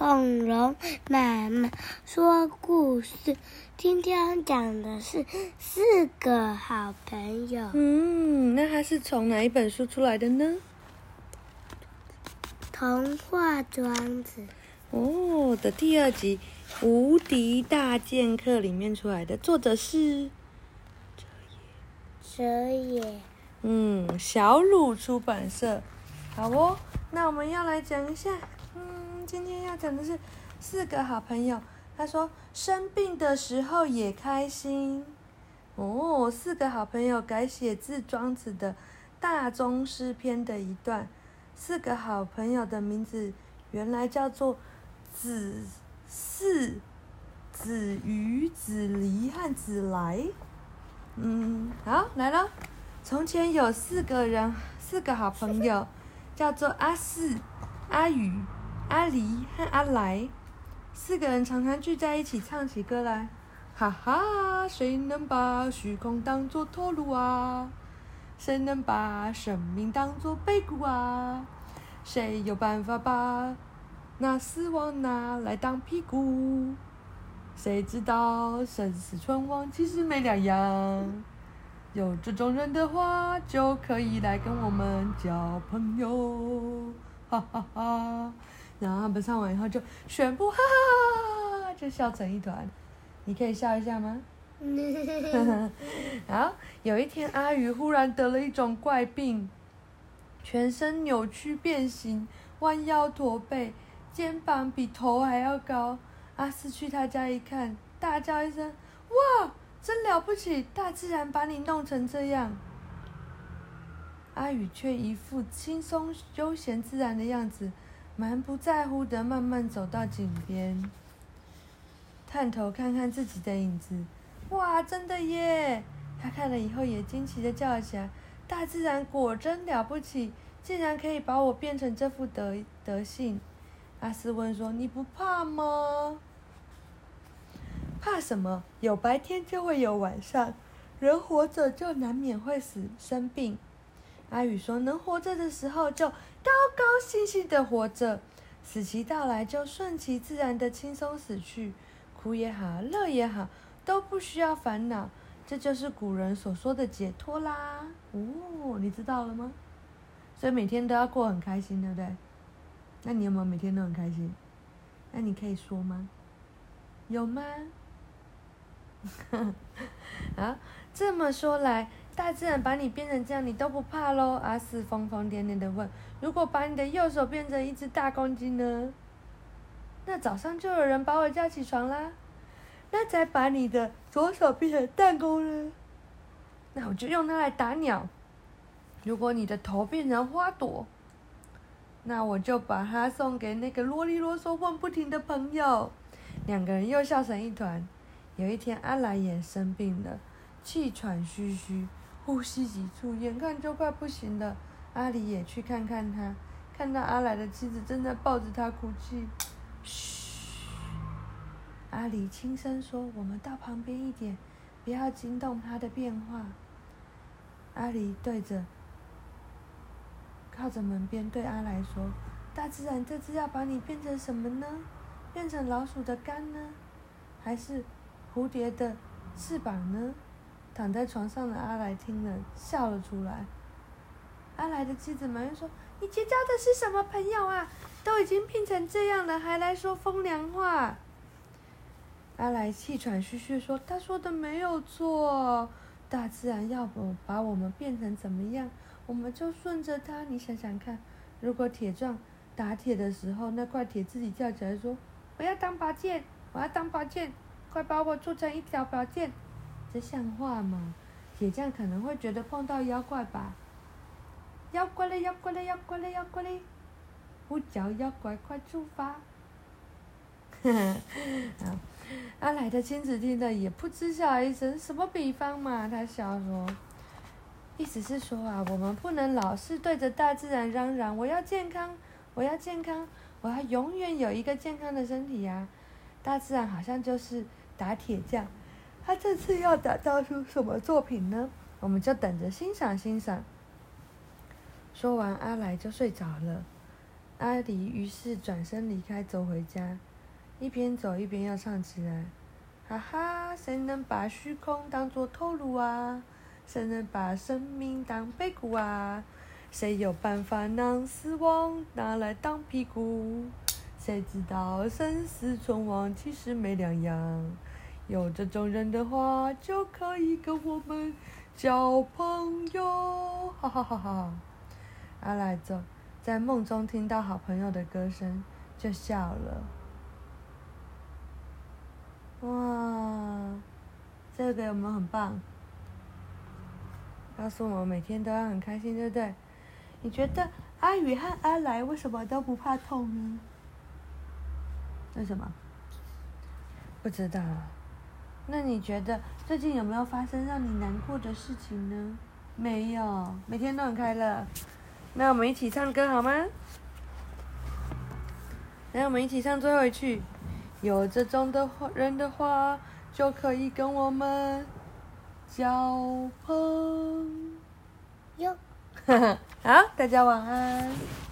恐龍媽媽說故事，今天講的是四個好朋友。嗯，那它是從哪一本書出來的呢？童話莊子。哦，的第二集《無敵大劍客》裡面出來的，作者是哲也。哲也也。嗯，小魯出版社。好哦，那我們要來講一下。今天要講的是四個好朋友。他說生病的時候也開心。哦，四個好朋友改寫自莊子的《大宗師》篇的一段。四個好朋友的名字原來叫做子四、子魚、子離和子來。嗯，好，來了。從前有四個人，四個好朋友，叫做阿四、阿魚，阿犁和阿來四個人常常聚在一起唱起歌來，哈哈！誰能把虛空當作頭顱啊？誰能把生命當作背骨啊？誰有辦法把那死亡拿來當屁股？誰知道生死存亡其實沒兩樣？有這種人的話，就可以來跟我們交朋友，哈哈哈哈！然後他們唱完以後就全部哈，哈哈哈哈，就笑成一團。你可以笑一下嗎？ 好，有一天阿宇忽然得了一種怪病，全身扭曲變形，彎腰駝背，肩膀比頭還要高。阿斯去他家一看，大叫一聲：“哇，真了不起！大自然把你弄成這樣。”阿宇卻一副輕鬆悠閒自然的樣子。滿不在乎的慢慢走到井邊，探頭看看自己的影子，哇，真的耶！他看了以後也驚奇的叫起來：“大自然果真了不起，竟然可以把我變成這副德德性。”阿斯問說：“你不怕嗎？”“怕什麼？有白天就會有晚上，人活着就難免會死生病。”阿宇說：“能活着的時候就高高興興的活着，死期到來就順其自然的輕鬆死去，苦也好，樂也好，都不需要煩惱，這就是古人所說的解脫啦。”哦，你知道了嗎？所以每天都要過很開心，對不對？那你有沒有每天都很開心？那你可以說嗎？有嗎？啊， 這麼說來。大自然把你變成這樣，你都不怕咯，阿四瘋瘋癲癲的問：“如果把你的右手變成一隻大公雞呢？那早上就有人把我叫起床啦。那再把你的左手變成彈弓呢？那我就用它來打鳥。如果你的頭變成花朵，那我就把它送給那個囉里囉嗦問不停的朋友。兩個人又笑成一團。有一天，阿來也生病了，氣喘吁吁。呼吸急促，眼看就快不行了。阿里也去看看他，看到阿來的妻子正在抱着他哭泣。噓，阿里輕聲說：“我們到旁邊一點，不要驚動他的變化。”阿里對着，靠着門邊對阿來說：“大自然這次要把你變成什麼呢？變成老鼠的肝呢，還是蝴蝶的翅膀呢？”躺在床上的阿來聽了，笑了出來。阿來的妻子們又說：“你結交的是什麼朋友啊？都已經病成這樣了，還來說風涼話。”阿來氣喘吁吁說：“他說的沒有錯，大自然要不把我們變成怎麼樣，我們就順着他。你想想看，如果鐵匠打鐵的時候，那塊鐵自己叫起來說：‘我要當寶劍，我要當寶劍，快把我做成一條寶劍。’”這像話嗎？鐵匠可能會覺得碰到妖怪吧？妖怪嘞，妖怪嘞，妖怪嘞，妖怪嘞！呼叫妖怪，快出發！哈 阿、啊、來的親子聽着也不知曉一聲什麼比方嘛，他笑說，意思是說啊，我們不能老是對着大自然嚷嚷，我要健康，我要健康，我要永遠有一個健康的身體呀、啊！大自然好像就是打鐵匠。他、啊、這次要打造出什麼作品呢？我們就等着欣賞欣賞。說完，阿來就睡着了。阿離於是轉身離開，走回家，一邊走一邊要唱起來。哈哈，誰能把虛空當作頭顱啊？誰能把生命當背骨啊？誰有辦法讓死亡拿來當屁股？誰知道生死存亡其實沒兩樣。有這種人的話，就可以跟我們交朋友，哈哈哈哈！阿、啊、來走在夢中聽到好朋友的歌聲，就笑了。哇，這個給我們很棒，告訴我們每天都要很開心，對不對？你覺得阿宇和阿來為什麼都不怕痛呢？為什麼？不知道。那你覺得最近有沒有發生讓你難過的事情呢？沒有，每天都很快樂。那我們一起唱歌好嗎？那我們一起唱最後一句，有這種的話人的話，就可以跟我們交朋友。哈哈有， 好，大家晚安。